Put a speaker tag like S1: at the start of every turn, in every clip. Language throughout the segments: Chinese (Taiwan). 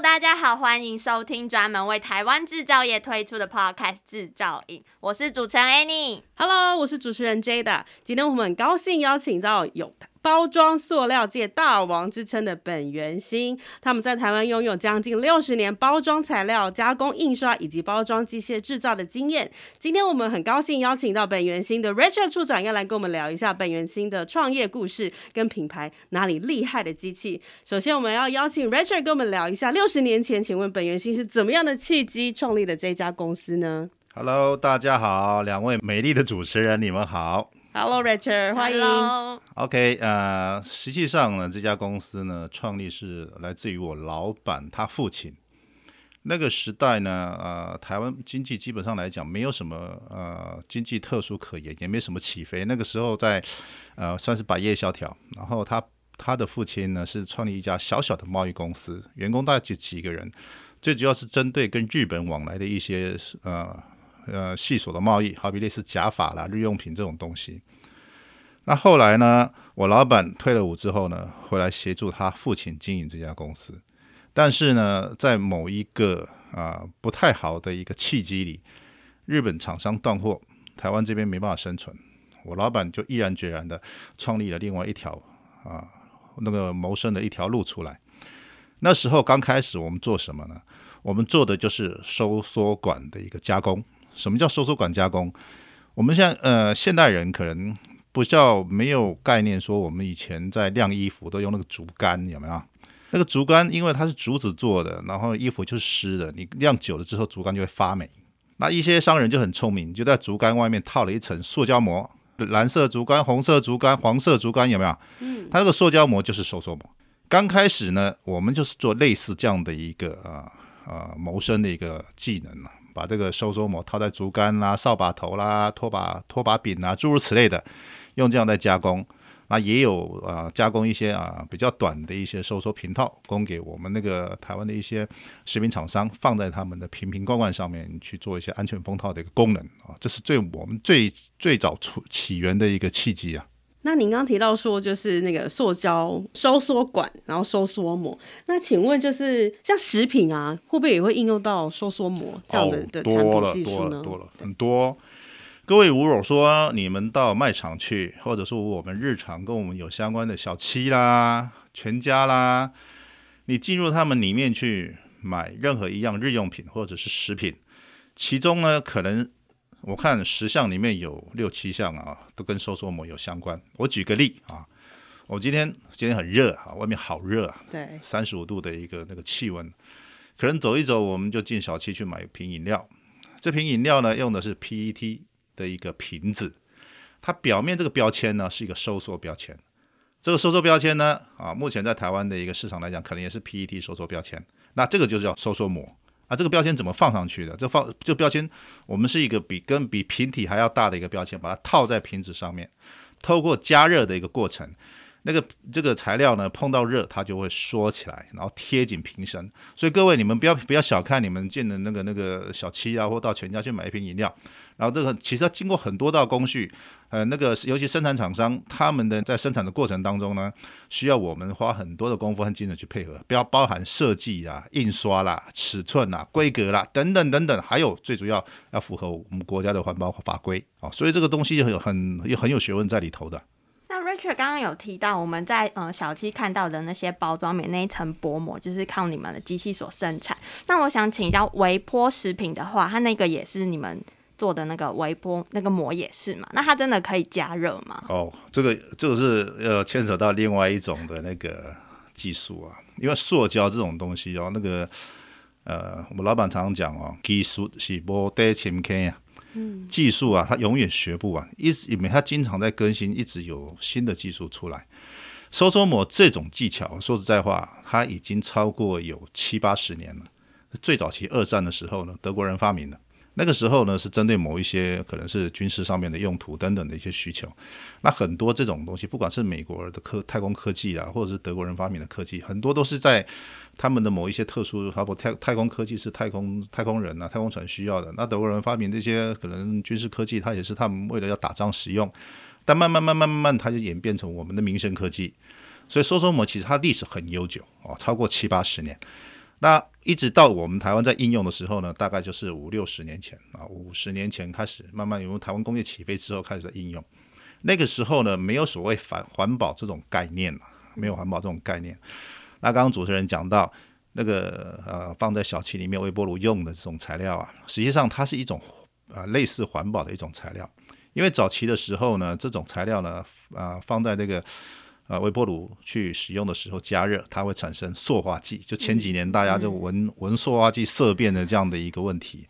S1: 大家好，歡迎收聽專門為台灣製造業推出的 Podcast《製造業》，我是主持人 Annie。
S2: Hello，我是主持人 Jada。今天我們很高興邀請到有台包裝塑料界大王之稱的本源興，他們在台灣擁有將近六十年包裝材料加工、印刷以及包裝機械制造的經驗。今天我們很高興邀請到本源興的 Recher 處長，要來跟我們聊一下本源興的創業故事跟品牌哪裡厲害的機器。首先，我們要邀請 Recher 跟我們聊一下六十年前，請問本源興是怎麼樣的契機創立的這家公司呢
S3: ？Hello，大家好，兩位美麗的主持人，你們好。
S2: Hello，Recher，Hello
S3: 歡迎。Hello OK，呃，uh，實際上呢，這家公司呢，創立是來自於我老板他父親。那個時代呢，呃，台灣經濟基本上來講，沒有什麼呃經濟特殊可言，也沒什麼起飛。那個時候在，呃，算是百業蕭條。然後他他的父親呢，是創立一家小小的貿易公司，員工大概就幾個人，最主要是針對跟日本往來的一些呃。呃，細瑣的貿易，好比類似假髮啦、日用品這種東西。那後來呢，我老板退了伍之後呢，回來協助他父親經營這家公司。但是呢，在某一個啊、呃、不太好的一個契機裡，日本廠商斷貨，台灣這邊沒辦法生存，我老板就毅然決然地創立了另外一條啊那個謀生的一條路出來。那時候剛開始我們做什麼呢？我們做的就是收縮管的一個加工。什麼叫收縮管加工？我們現在呃，現代人可能不叫沒有概念，說我們以前在晾衣服都用那個竹竿，有沒有？那個竹竿因為它是竹子做的，然後衣服就是濕的，你晾久了之後竹竿就會發霉。那一些商人就很聰明，就在竹竿外面套了一層塑膠膜，藍色竹竿、紅色竹竿、黃色竹竿，有沒有？嗯。它那個塑膠膜就是收縮膜。剛開始呢，我們就是做類似這樣的一個呃呃謀生的一個技能。把這個收縮膜套在竹竿啦、啊、掃把頭啦、啊、拖把、拖把柄啦、啊，諸如此類的，用這樣來加工。那也有啊、呃，加工一些啊、呃、比較短的一些收縮瓶套，供給我們那個台灣的一些食品廠商，放在他們的瓶瓶罐罐上面去做一些安全封套的一個功能啊。這是最我們最最早出起源的一個契機啊。
S2: 那您剛剛提到說，就是那個塑膠收縮管，然後收縮膜。那請問，就是像食品啊，會不會也會應用到收縮膜這樣的、哦、的產品技術呢？多了多了多了
S3: 很多。各位如果說，你們到賣場去，或者說我們日常跟我們有相關的小七啦、全家啦，你進入他們裡面去買任何一樣日用品或者是食品，其中呢，可能。我看十項裡面有六七項啊，都跟收縮膜有相關。我舉個例啊，我今天今天很熱啊，外面好熱啊，對，三十五度的一個那個氣溫，可能走一走我們就進小七去買一瓶飲料。這瓶飲料呢，用的是 PET 的一個瓶子，它表面這個標籤呢是一個收縮標籤。這個收縮標籤呢啊，目前在台灣的一個市場來講，可能也是 PET 收縮標籤。那這個就叫收縮膜。啊，這個標籤怎麼放上去的？這放這標籤，我們是一個比跟比瓶體還要大的一個標籤，把它套在瓶子上面，透過加熱的一個過程，那個這個材料呢碰到熱它就會縮起來，然後貼緊瓶身。所以各位你們不要不要小看你們見的那個那個小七啊，或到全家去買一瓶飲料，然後這個其實它經過很多道工序。呃，那個尤其生產廠商，他們的在生產的過程當中呢，需要我們花很多的功夫和精神去配合，不要包含設計啊、印刷啦、尺寸啦、啊、規格啦等等等等，還有最主要要符合我們國家的環保法規啊、哦，所以這個東西就有很也很，很有學問在裡頭的。
S1: 那 Recher 剛剛有提到，我們在呃小七看到的那些包裝面那一層薄膜，就是靠你們的機器所生產。那我想請教微波食品的話，它那個也是你們？做的那個微波那個膜也是嘛？那它真的可以加熱嗎？
S3: 哦、oh, 這個，這個這個是呃牽扯到另外一種的那個技術啊，因為塑膠這種東西哦，那個呃，我們老板常常講哦，技術是無代千變啊，嗯、技術啊，它永遠學不完，一直沒因為它經常在更新，一直有新的技術出來。收縮膜這種技巧，說實在話，它已經超過有七八十年了，最早期二戰的時候呢，德國人發明的。那個時候呢，是針對某一些可能是軍事上面的用途等等的一些需求。那很多這種東西，不管是美國的科太空科技啊，或者是德國人發明的科技，很多都是在他們的某一些特殊，包括太太空科技是太空太空人啊、太空船需要的。那德國人發明這些可能軍事科技，它也是他們為了要打仗使用。但慢慢慢慢慢慢，它就演變成我們的民生科技。所以，說說膜其實它歷史很悠久啊、哦，超過七八十年。那一直到我們台灣在應用的時候呢，大概就是五六十年前啊，五十年前開始，慢慢由台灣工業起飛之後開始在應用。那個時候呢，沒有所謂環環保這種概念，沒有環保這種概念。那剛剛主持人講到那個呃，放在小七裡面微波爐用的這種材料啊，實際上它是一種啊、呃，類似環保的一種材料，因為早期的時候呢，這種材料呢啊、呃、放在這、那個。呃，微波爐去使用的時候加熱，它會產生塑化劑，就前幾年大家就聞聞、嗯、塑化劑色變的這樣的一個問題。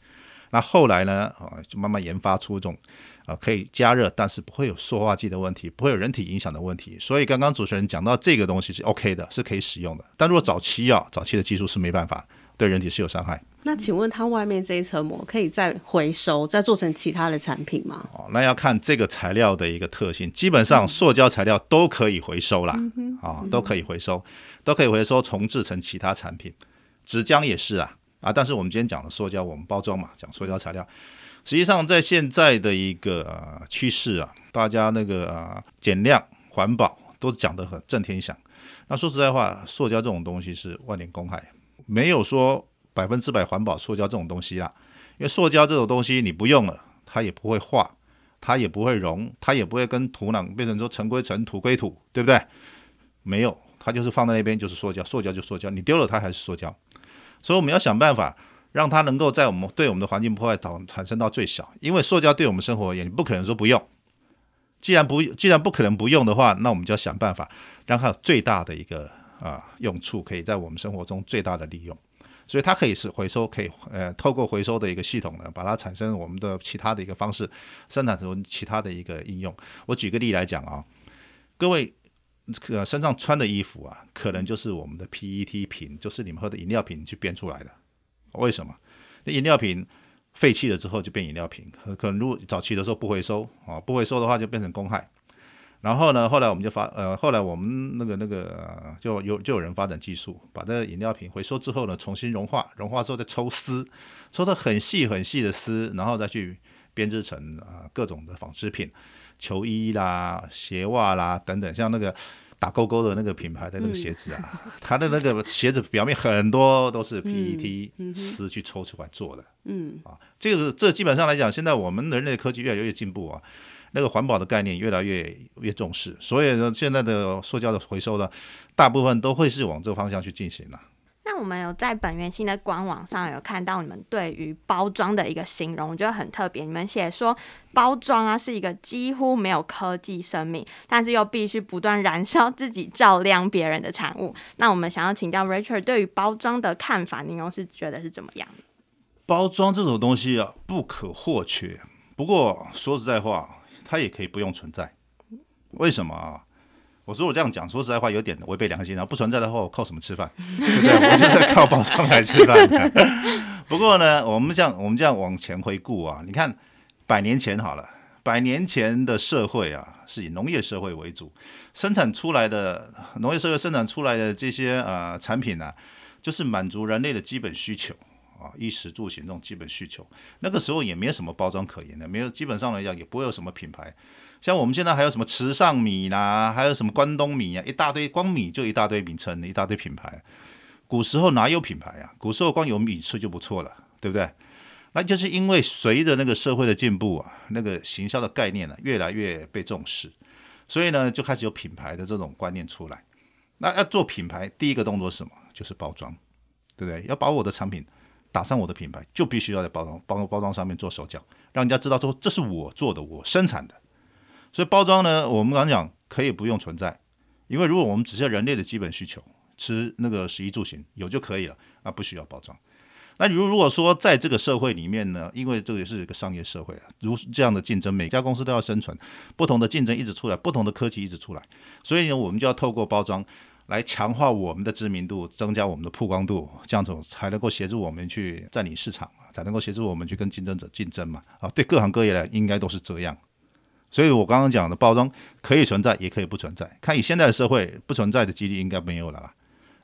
S3: 那後來呢，啊，就慢慢研發出一種啊可以加熱，但是不會有塑化劑的問題，不會有人體影響的問題。所以剛剛主持人講到這個東西是 OK 的，是可以使用的。但如果早期啊，早期的技術是沒辦法，對人體是有傷害。
S2: 那請問它外面這一層膜可以，可以再回收，再做成其他的產品嗎？哦，
S3: 那要看這個材料的一個特性。基本上，塑膠材料都可以回收啦，啊、嗯哦，都可以回收，嗯、都可以回收重製成其他產品。紙漿也是啊，啊，但是我們今天講的塑膠，我們包裝嘛，講塑膠材料。實際上，在現在的一個、呃、趨勢啊，大家那個呃，減量、環保都講得很震天響。那說實在話，塑膠這種東西是萬年公害，沒有說。百分之百環保塑膠這種東西啦、啊，因為塑膠這種東西你不用了，它也不會化，它也不會溶，它也不會跟土壤變成說塵歸塵，土歸土，對不對？沒有，它就是放在那邊就是塑膠，塑膠就塑膠，你丟了它還是塑膠。所以我們要想辦法讓它能夠在我們對我們的環境破壞導產生到最小。因為塑膠對我們生活也不可能說不用。既然不，既然不可能不用的話，那我們就要想辦法讓它有最大的一個啊用處，可以在我們生活中最大的利用。所以它可以是回收，可以呃透過回收的一個系統呢，把它產生我們的其他的一個方式，生產成其他的一個應用。我舉個例來講啊，各位呃身上穿的衣服啊，可能就是我們的 PET 瓶，就是你們喝的飲料瓶去變出來的。為什麼？那飲料瓶廢棄了之後就變飲料瓶，可能如果早期的時候不回收啊，不回收的話就變成公害。然後呢，後來我們就發，呃，後來我們那個那個、呃、就有就有人發展技術，把這個飲料瓶回收之後呢，重新融化，融化之後再抽絲，抽到很細很細的絲，然後再去編織成啊、呃、各種的紡織品，球衣啦、鞋襪啦等等，像那個打勾勾的那個品牌的那個鞋子啊、嗯，它的那個鞋子表面很多都是 PET 絲去抽出來做的，嗯，嗯啊，這個這基本上來講，現在我們人類的科技越來越有越進步啊。那個環保的概念越來越越重視，所以呢，現在的塑膠的回收呢，大部分都會是往這個方向去進行了。
S1: 那我們有在本源興的官網上有看到你們對於包裝的一個形容，我覺得很特別。你們寫說包裝啊是一個幾乎沒有科技生命，但是又必須不斷燃燒自己照亮別人的產物。那我們想要請教 Recher 對於包裝的看法，您又是覺得是怎麼樣的？
S3: 包裝這種東西啊不可或缺，不過說實在話。它也可以不用存在，為什麼啊？我說我這樣講，說實在話有點違背良心啊！不存在的話，我靠什麼吃飯？對不對？我就是靠包裝來吃飯的。 不過呢，我們這樣，我們這樣往前回顧啊，你看，百年前好了，百年前的社會啊，是以農業社會為主，生產出來的農業社會生產出來的這些呃產品呢、啊，就是滿足人類的基本需求。啊，衣食住行這種基本需求，那個時候也沒有什麼包裝可言的，沒有，基本上來講也不會有什麼品牌。像我們現在還有什麼池上米啦、啊，還有什麼關東米呀、啊，一大堆光米就一大堆名稱，一大堆品牌。古時候哪有品牌呀、啊？古時候光有米吃就不錯了，對不對？那就是因為隨着那個社會的進步啊，那個行銷的概念呢、啊、越來越被重視，所以呢就開始有品牌的這種觀念出來。那要做品牌，第一個動作是什麼？就是包裝，對不對？要把我的產品。打上我的品牌，就必須要在包裝、包包裝上面做手腳，讓人家知道說，這是我做的，我生產的。所以包裝呢，我們剛講可以不用存在，因為如果我們只是人類的基本需求，吃那個食衣住行有就可以了，那不需要包裝。那如如果說在這個社會裡面呢，因為這個也是一個商業社會啊，如這樣的競爭，每家公司都要生存，不同的競爭一直出來，不同的科技一直出來，所以呢，我們就要透過包裝。來強化我們的知名度，增加我們的曝光度，這樣子才能夠協助我們去佔領市場，才能夠協助我們去跟競爭者競爭嘛。啊，對各行各業來，應該都是這樣。所以我剛剛講的包裝可以存在，也可以不存在。看你現在的社會，不存在的幾率應該沒有了啦。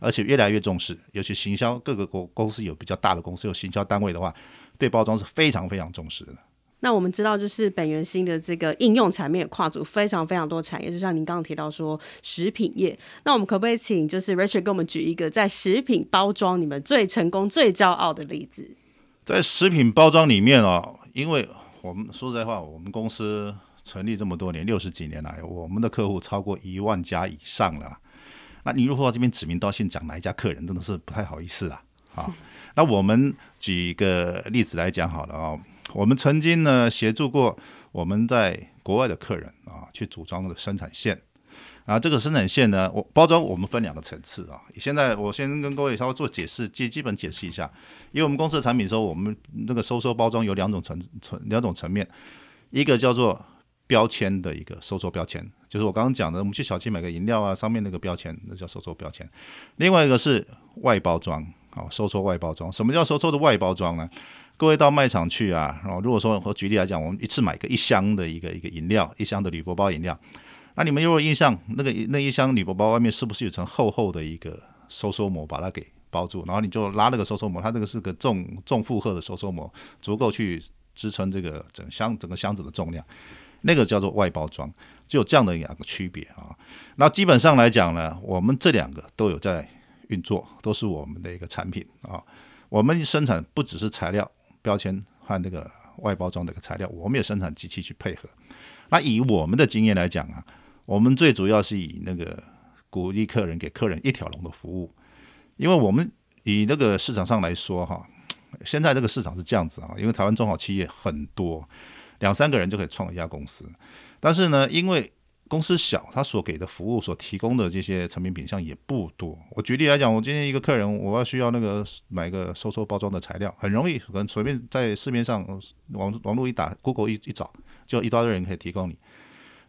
S3: 而且越來越重視，尤其行銷各個公公司有比較大的公司有行銷單位的話，對包裝是非常非常重視的。
S2: 那我們知道，就是本源興的這個應用層面跨足非常非常多產業，就像您剛剛提到說食品業。那我們可不可以請就是 Recher 給我們舉一個在食品包裝你們最成功、最驕傲的例子？
S3: 在食品包裝裡面啊、哦，因為我們說實在話，我們公司成立這麼多年，六十幾年來，我們的客戶超過一萬家以上了。那你如果這邊指名道姓講哪一家客人，真的是不太好意思啊。好、 啊，那我們舉一個例子來講好了哦。我們曾經呢，協助過我們在國外的客人啊去組裝的生產線，啊這個生產線呢，我包裝我們分兩個層次啊。現在我先跟各位稍微做解釋，基基本解釋一下，因為我們公司的產品說我們那個收縮包裝有兩種層層兩種層面，一個叫做標籤的一個收縮標籤，就是我剛剛講的我們去小七買個飲料啊上面那個標籤那叫收縮標籤。另外一個是外包裝，好、啊、收縮外包裝，什麼叫收縮的外包裝呢？各位到賣場去啊，然後如果說我舉例來講，我們一次買個一箱的一個一個飲料，一箱的鋁箔包飲料，那你們有沒印象？那個那一箱鋁箔包外面是不是有層厚厚的一個收縮膜把它給包住？然後你就拉那個收縮膜，它這個是個重重負荷的收縮膜，足夠去支撐這個整箱整個箱子的重量。那個叫做外包裝，就有這樣的兩個區別啊。那基本上來講呢，我們這兩個都有在運作，都是我們的一個產品啊。我們生產不只是材料。標籤和那個外包裝的一個材料，我們也生產機器去配合。那以我們的經驗來講啊，我們最主要是以那個鼓勵客人，給客人一條龍的服務，因為我們以那個市場上來說哈、啊，現在這個市場是這樣子啊，因為台灣中小企業很多，兩三個人就可以創一家公司，但是呢，因為公司小，他所給的服務所提供的這些產品品項也不多。我舉例來講，我今天一個客人，我要需要那個買一個收縮包裝的材料，很容易，可能隨便在市面上網網絡一打，Google 一一找，就一大堆人可以提供你。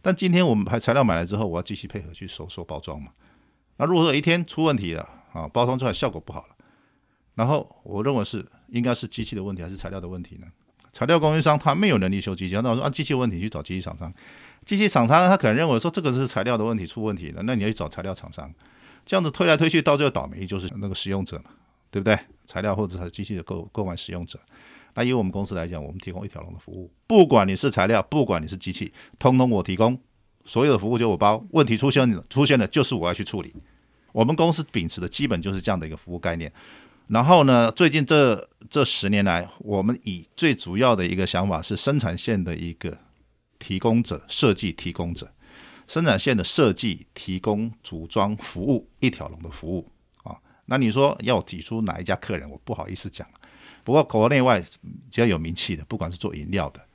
S3: 但今天我們排材料買來之後，我要繼續配合去收縮包裝嘛。那如果說一天出問題了啊，包裝出來效果不好了，然後我認為是應該是機器的問題還是材料的問題呢？材料供應商他沒有能力修機器，那我說按機器的問題去找機器廠商。機器廠商他可能認為說，這個是材料的問題出問題了，那你要去找材料廠商，這樣子推來推去到最後倒霉就是那個使用者嘛，對不對？材料或者機器的購購買使用者，那以我們公司來講，我們提供一條龍的服務，不管你是材料，不管你是機器，通通我提供，所有的服務就我包，問題出現了，出現了就是我要去處理。我們公司秉持的基本就是這樣的一個服務概念。然後呢，最近這這十年來，我們以最主要的一個想法是生產線的一個。提供者，設計提供者，生產線的設計提供組裝服務，一條龍的服務啊、哦，那你說要擠出哪一家客人，我不好意思講。不過國內外比較有名氣的，不管是做飲料的。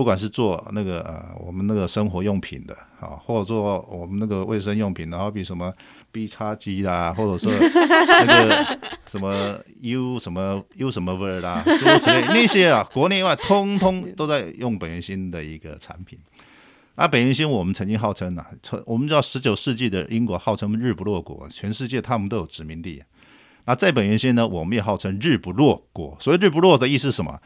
S3: 不管是做那個呃，我們那個生活用品的，啊，或者做我們那個衛生用品的，好比什麼 B 叉 G 啦，或者說那個什麼 U 什麼 U 什麼味兒啦，諸如此類那些啊，國內外通通都在用本源興的一個產品。那本源興，我們曾經號稱呢、啊，我們知道十九世紀的英國號稱日不落國，全世界他們都有殖民地，啊。那在本源興呢，我們也號稱日不落國。所以日不落的意思是什麼？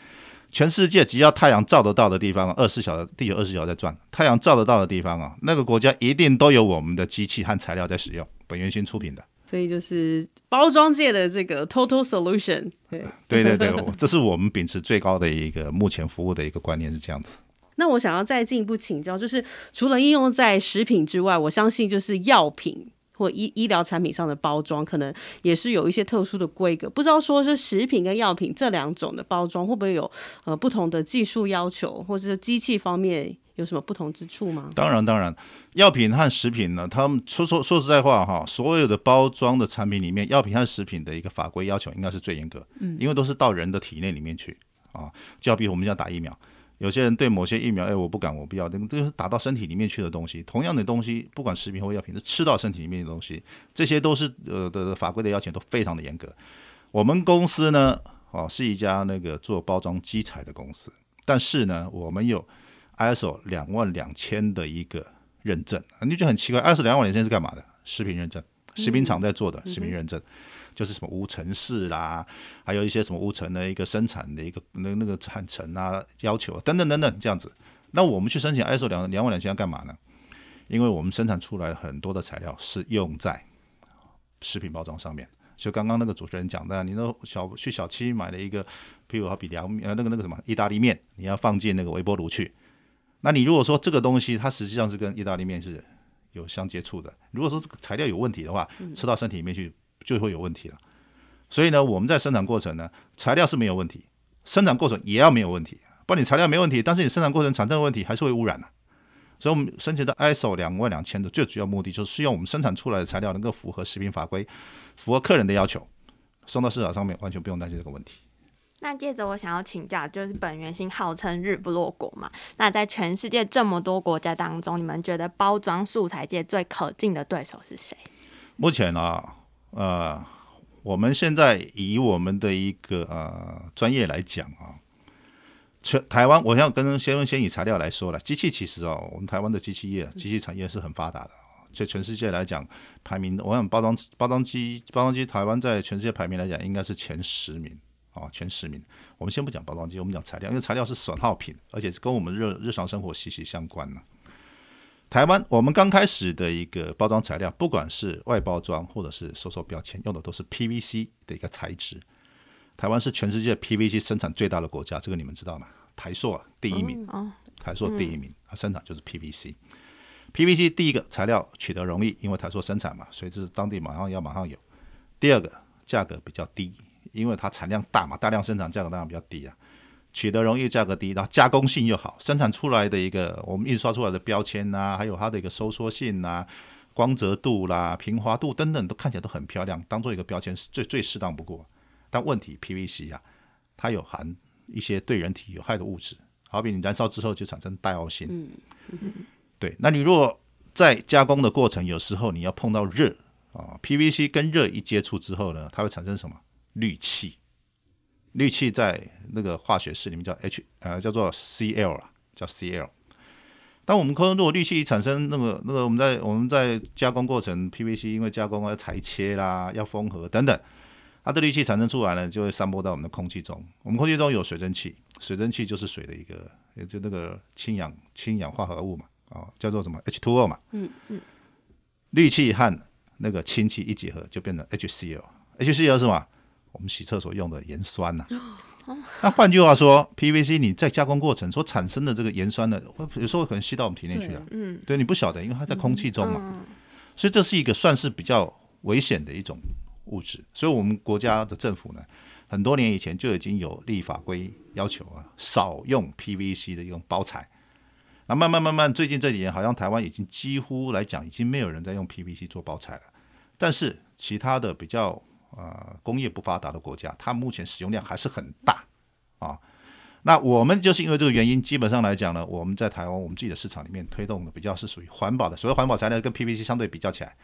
S3: 全世界只要太陽照得到的地方，二十四小時，地球二十四小時在轉，太陽照得到的地方啊，那個國家一定都有我們的機器和材料在使用，本源興出品的。
S2: 所以就是包裝界的這個 Total Solution，對對對對，
S3: 這是我們秉持最高的一個目前服務的一個觀念是這樣子。
S2: 那我想要再進一步請教，就是除了應用在食品之外，我相信就是藥品。或醫醫療產品上的包裝，可能也是有一些特殊的規格。不知道說，是食品跟藥品這兩種的包裝，會不會有呃不同的技術要求，或者是機器方面有什麼不同之處嗎？當
S3: 然當然，藥品和食品呢，他們說說說實在話哈，所有的包裝的產品裡面，藥品和食品的一個法規要求應該是最嚴格，嗯，因為都是到人的體內裡面去啊，就要比我們要打疫苗。有些人對某些疫苗，哎，我不敢，我不要，這個是打到身體裡面去的東西。同樣的東西，不管食品或藥品，都吃到身體裡面的東西，這些都是呃的，的法規的要求，都非常的嚴格。我們公司呢，哦，是一家那個做包裝機材的公司，但是呢，我們有 ISO 兩萬兩千的一個認證，那你就很奇怪，ISO 兩萬兩千是幹嘛的？食品認證，食品廠在做的、嗯、食品認證。就是什麼無塵室啦、啊，還有一些什麼無塵的一個生產的一個那那個產程啊，要求啊等等等等這樣子，那我們去申請 ISO 兩兩萬兩千要幹嘛呢？因為我們生產出來很多的材料是用在食品包裝上面，所以剛剛那個主持人講的，你那小去小七買了一個，譬如說比糧呃那個那個什麼意大利麵，你要放進那個微波爐去，那你如果說這個東西它實際上是跟意大利麵是有相接觸的，如果說這個材料有問題的話，嗯、吃到身體裡面去。就會有問題了，所以呢，我們在生產過程呢，材料是沒有問題，生產過程也要沒有問題。不然你材料沒問題，但是你生產過程產生的問題還是會污染的，啊。所以，我們申請的 ISO 兩萬兩千的最主要目的，就是希望我們生產出來的材料能夠符合食品法規，符合客人的要求，送到市場上面完全不用擔心這個問題。
S1: 那接着我想要請教，就是本源興號稱日不落國嘛，那在全世界這麼多國家當中，你們覺得包裝素材界最可敬的對手是誰？
S3: 目前啊。呃，我們現在以我們的一個呃專業來講啊，全台灣，我想跟先先以材料來說了。機器其實哦，我們台灣的機器業、機器產業是很發達的哦，在全世界來講排名，我想包裝包裝機、包裝機，台灣在全世界排名來講應該是前十名啊，前十名。我們先不講包裝機，我們講材料，因為材料是損耗品，而且跟我們日日常生活息息相關啊台灣我們剛開始的一個包裝材料，不管是外包裝或者是收縮標籤，用的都是 PVC 的一個材質。台灣是全世界 PVC 生產最大的國家，這個你們知道嗎？台塑第一名，台塑第一名，它生產就是 PVC。PVC 第一個材料取得容易，因為台塑生產嘛，所以這是當地馬上要馬上有。第二個價格比較低，因為它產量大嘛，大量生產價格當然比較低啊。取得容易，價格低，然後加工性又好，生產出來的一個我們印刷出來的標籤啊，還有它的一個收縮性啊、光澤度啦、平滑度等等，都看起來都很漂亮，當做一個標籤是最最適當不過。但問題 PVC 呀、啊，它有含一些對人體有害的物質，好比你燃燒之後就產生戴奧辛。對，那你如果在加工的過程，有時候你要碰到熱啊、哦、，PVC 跟熱一接觸之後呢，它會產生什麼？氯氣。氯氣在那個化學式裡面叫 H，呃，叫做 CL 啊，叫 CL。當我們空，如果氯氣產生，那個那個我們在我們在加工過程，PVC 因為加工啊，要裁切啦，要封合等等，它、啊、的氯氣產生出來呢，就會散播到我們的空氣中。我們空氣中有水蒸氣，水蒸氣就是水的一個，也就那個氫氧氫氧化合物嘛，哦，叫做什麼 H2O 嘛。嗯嗯。氯氣和那個氫氣一結合，就變成 HCL，HCL HCL 是什麼？我們洗廁所用的鹽酸吶、啊，那換句話說，PVC 你在加工過程所產生的這個鹽酸呢，有時候可能吸到我們體內去了。嗯，對，你不曉得，因為它在空氣中嘛、啊，所以這是一個算是比較危險的一種物質。所以我們國家的政府呢，很多年以前就已經有立法規要求啊，少用 PVC 的一種包材。那慢慢慢慢，最近這幾年好像台灣已經幾乎來講，已經沒有人在用 PVC 做包材了。但是其他的比較。呃，工業不發達的國家，它目前使用量還是很大，啊，那我們就是因為這個原因，基本上來講呢，我們在台灣，我們自己的市場裡面推動的比較是屬於環保的，所謂環保材料跟 PVC 相對比較起來，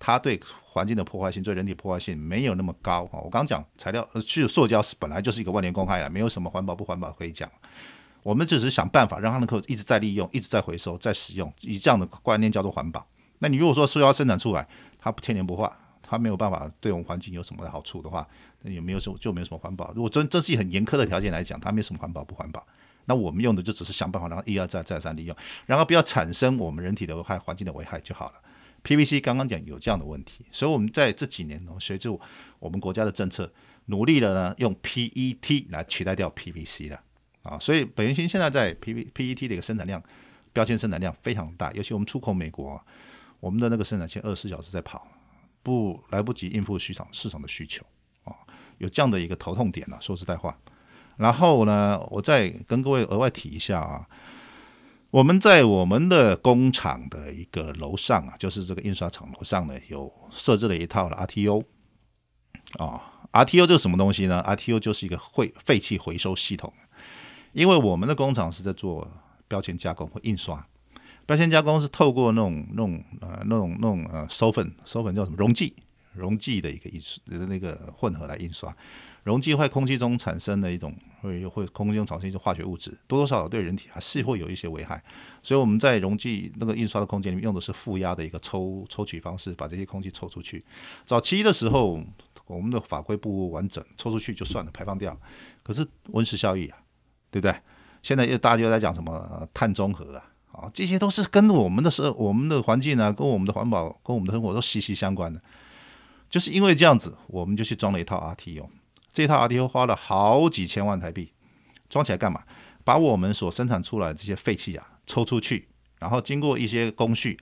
S3: 它對環境的破壞性、對人體的破壞性沒有那麼高啊。我剛講材料，去、呃、塑膠是本來就是一個萬年公開了，沒有什麼環保不環保可以講，我們只是想辦法讓它能夠一直再利用、一直再回收、再使用，以這樣的觀念叫做環保。那你如果說塑膠生產出來，它不千年不化。它沒有辦法對我們環境有什麼的好處的話，那也沒有什就沒有什麼環保。如果真真是很嚴苛的條件來講，它沒什麼環保不環保。那我們用的就只是想辦法，然後一而再再而三利用，然後不要產生我們人體的危害、環境的危害就好了。PVC 剛剛講有這樣的問題，嗯、所以我們在這幾年呢、哦，隨着我們國家的政策努力了呢，用 PET 來取代掉 PVC 了啊、哦。所以本源興現在在 PPET 的一個生產量、標籤生產量非常大，尤其我們出口美國、哦，我們的那個生產線二十四小時在跑。不來不及應付市場市場的需求啊、哦，有這樣的一個頭痛點呢、啊。說實在話，然後呢，我再跟各位額外提一下啊，我們在我們的工廠的一個樓上啊，就是這個印刷廠樓上呢，有設置了一套的 RTO 啊、哦，RTO 這是什麼東西呢？RTO 就是一個廢廢氣回收系統，因為我們的工廠是在做標籤加工和印刷。在先加工是透過那種、那種、呃、啊、那種、那種、呃、啊，收粉、收粉叫什麼溶劑、溶劑的一個意思，那個，個混合來印刷。溶劑在空氣中產生的一種，會會空氣中產生一些化學物質，多多少少對人體還是會有一些危害。所以我們在溶劑那個印刷的空間裡面用的是負壓的一個抽抽取方式，把這些空氣抽出去。早期的時候，我們的法規不完整，抽出去就算了，排放掉。可是溫室效應啊，對不對？現在又大家又在講什麼、呃、碳中和啊？啊，這些都是跟我們的生、我們的環境呢、啊，跟我們的環保、跟我們的生活都息息相關的。就是因為這樣子，我們就去裝了一套 RTO，哦。這套 RTO 花了好幾千萬台幣，裝起來幹嘛？把我們所生產出來的這些廢氣啊抽出去，然後經過一些工序，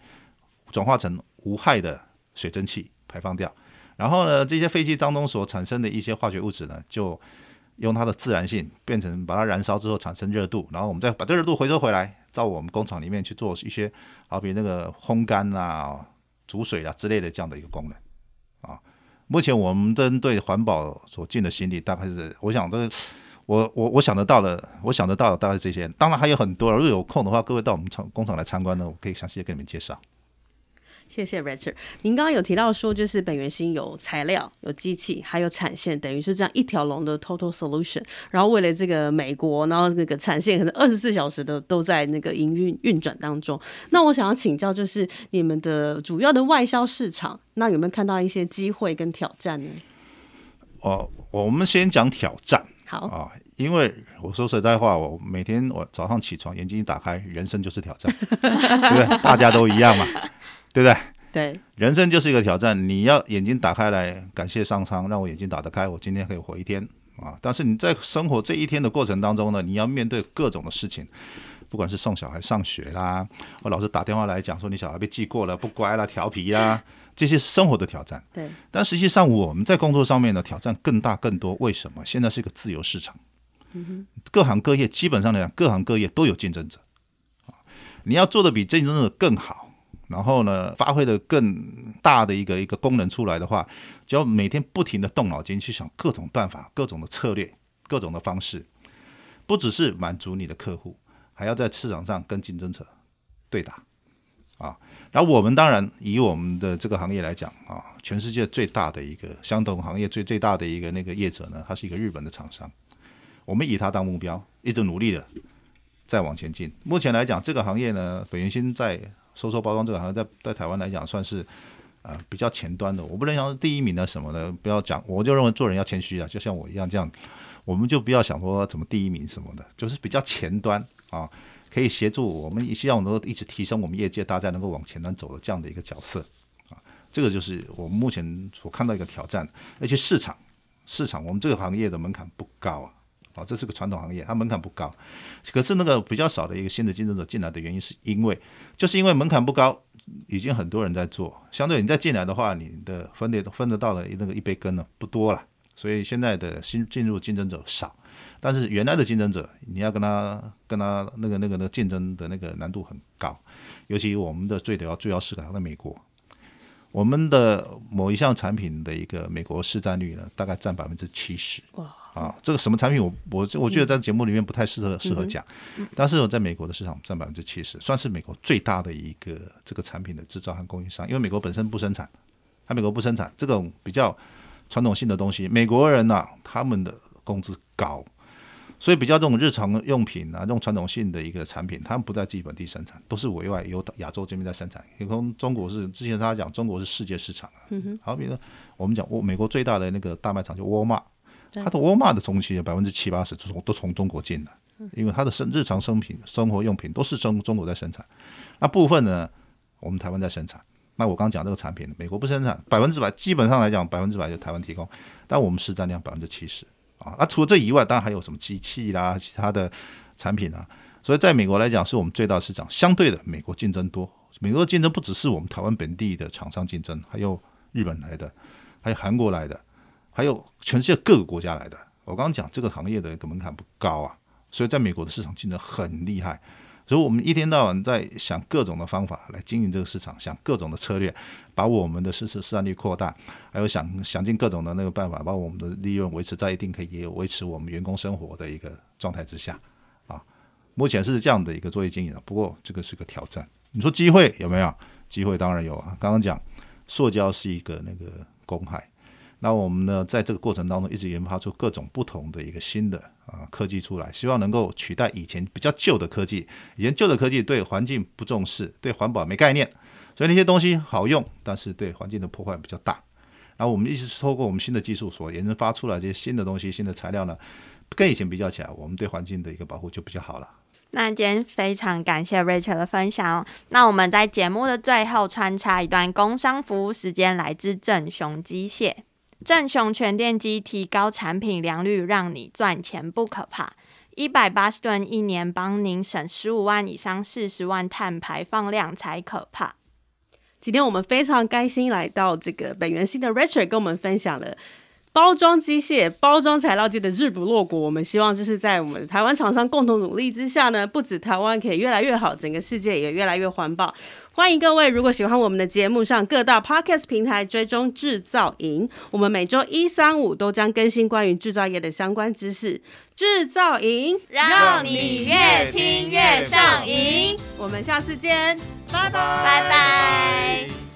S3: 轉化成無害的水蒸氣排放掉。然後呢，這些廢氣當中所產生的一些化學物質呢，就用它的自燃性變成把它燃燒之後產生熱度，然後我們再把這熱度回收回來。到我們工廠裡面去做一些，好比那個烘乾啦、啊、煮水啊之類的這樣的一個功能，啊，目前我們針對環保所盡的心力大概是，我想這，我我我想得到的，我想得到,想得到大概是這些，當然還有很多，如果有空的話，各位到我們廠工廠來參觀呢，我可以詳細的給你們介紹。
S2: 謝謝 Recher。您剛剛有提到說，就是本源興有材料、有機器，還有產線，等於是這樣一條龍的 total solution。然後為了這個美國，然後那個產線可能二十四小時的都在那個營運運轉當中。那我想要請教，就是你們的主要的外銷市場，那有沒有看到一些機會跟挑戰呢？
S3: 我、哦、我們先講挑戰。好啊、哦，因為我說實在話，我每天我早上起床，眼睛一打開，人生就是挑戰， 對不對？大家都一樣嘛。 對不對？對，人生就是一個挑戰。你要眼睛打開來，感謝上蒼讓我眼睛打得開，我今天可以活一天啊！但是你在生活這一天的過程當中呢，你要面對各種的事情，不管是送小孩上學啦，或老師打電話來講說你小孩被記過了，不乖啦，調皮啦，啊，這些生活的挑戰。對，但實際上我們在工作上面的挑戰更大更多。為什麼？現在是一個自由市場，嗯，各行各業基本上來講，各行各業都有競爭者，啊，你要做的比競爭者更好。然後呢，發揮的更大的一個一個功能出來的話，就要每天不停的動腦筋去想各種辦法、各種的策略、各種的方式，不只是滿足你的客戶，還要在市場上跟競爭者對打啊。然後我們當然以我們的這個行業來講啊，全世界最大的一個相同行業最最大的一個那個業者呢，他是一個日本的廠商，我們以他當目標，一直努力的再往前進。目前來講，這個行業呢，本源興在。收縮包裝這個行業在在台灣來講算是，呃比較前端的。我不能講第一名的什麼的，不要講。我就認為做人要謙虛啊，就像我一樣這樣。我們就不要想說怎麼第一名什麼的，就是比較前端啊，可以協助我們，也希望能夠一直提升我們業界大家能夠往前端走的這樣的一個角色啊。這個就是我們目前所看到一個挑戰。而且市場市場，我們這個行業的門檻不高啊。這是個傳統行業，它門檻不高，可是那個比較少的一個新的競爭者進來的原因，是因為就是因為門檻不高，已經很多人在做，相對你再進來的話，你的分裂都分得到的那個一杯羹呢不多了，所以現在的新進入競爭者少，但是原來的競爭者，你要跟他跟他那個那個的競爭的那個難度很高，尤其我們的最主要最要思考的美國，我們的某一項產品的一個美國市占率呢，大概占百分之七十。啊，這個什麼產品我我我覺得在節目裡面不太適合、嗯、適合講，但是我在美國的市場占百分之七十，算是美國最大的一個這個產品的制造和供應商。因為美國本身不生產，它美國不生產這種比較傳統性的東西。美國人吶、啊，他們的工資高，所以比較這種日常用品啊，這種傳統性的一個產品，他們不在自己本地生產，都是委外由亞洲這邊在生產。也從中國是之前他講中國是世界市場、啊嗯，好比如說我們講我美國最大的那個大賣場叫沃爾瑪。它的沃爾瑪的中期有百分之七八十從都從中國進的。因為它的生日常生品、生活用品都是中中國在生產，那部分呢，我們台灣在生產。那我剛講這個產品，美國不生產，百分之百基本上來講百分之百就台灣提供，但我們市占量百分之七十啊，啊。那除了這以外，當然還有什麼機器啦、其他的產品啊。所以在美國來講，是我們最大市場。相對的，美國競爭多，美國的競爭不只是我們台灣本地的廠商競爭，還有日本來的，還有韓國來的。還有全世界各個國家來的，我剛剛講這個行業的一個門檻不高啊，所以在美國的市場競爭很厲害，所以我們一天到晚在想各種的方法來經營這個市場，想各種的策略，把我們的市場占有率擴大，還有想想盡各種的那個辦法，把我們的利潤維持在一定可以，也維持我們員工生活的一個狀態之下啊。目前是這樣的一個作業經營，啊，不過這個是個挑戰。你說機會有沒有？機會當然有啊。剛剛講，塑膠是一個那個公害。那我們呢，在這個過程當中，一直研發出各種不同的一個新的啊、呃、科技出來，希望能夠取代以前比較舊的科技。以前舊的科技對環境不重視，對環保沒概念，所以那些東西好用，但是對環境的破壞比較大。然後我們一直透過我們新的技術所研發出來這些新的東西、新的材料呢，跟以前比較起來，我們對環境的一個保護就比較好了。
S1: 那今天非常感謝 Recher 的分享、哦。那我們在節目的最後穿插一段工商服務時間，來自震雄機械。震雄全電機提高產品良率，讓你賺錢不可怕。一百八十噸一年幫您省十五萬以上，四十萬碳排放量才可怕。
S2: 今天我們非常開心來到這個本源興的 Recher，跟我們分享了。包裝機械、包裝材料界的日不落國，我們希望就是在我們台灣廠商共同努力之下呢，不止台灣可以越來越好，整個世界也越來越環保。歡迎各位，如果喜歡我們的節目上，上各大 podcast 平台追蹤制造營，我們每周一、三、五都將更新關於制造業的相關知識。制造營
S1: 讓你越聽越上癮，
S2: 我們下次見，拜
S3: 拜拜拜。Bye bye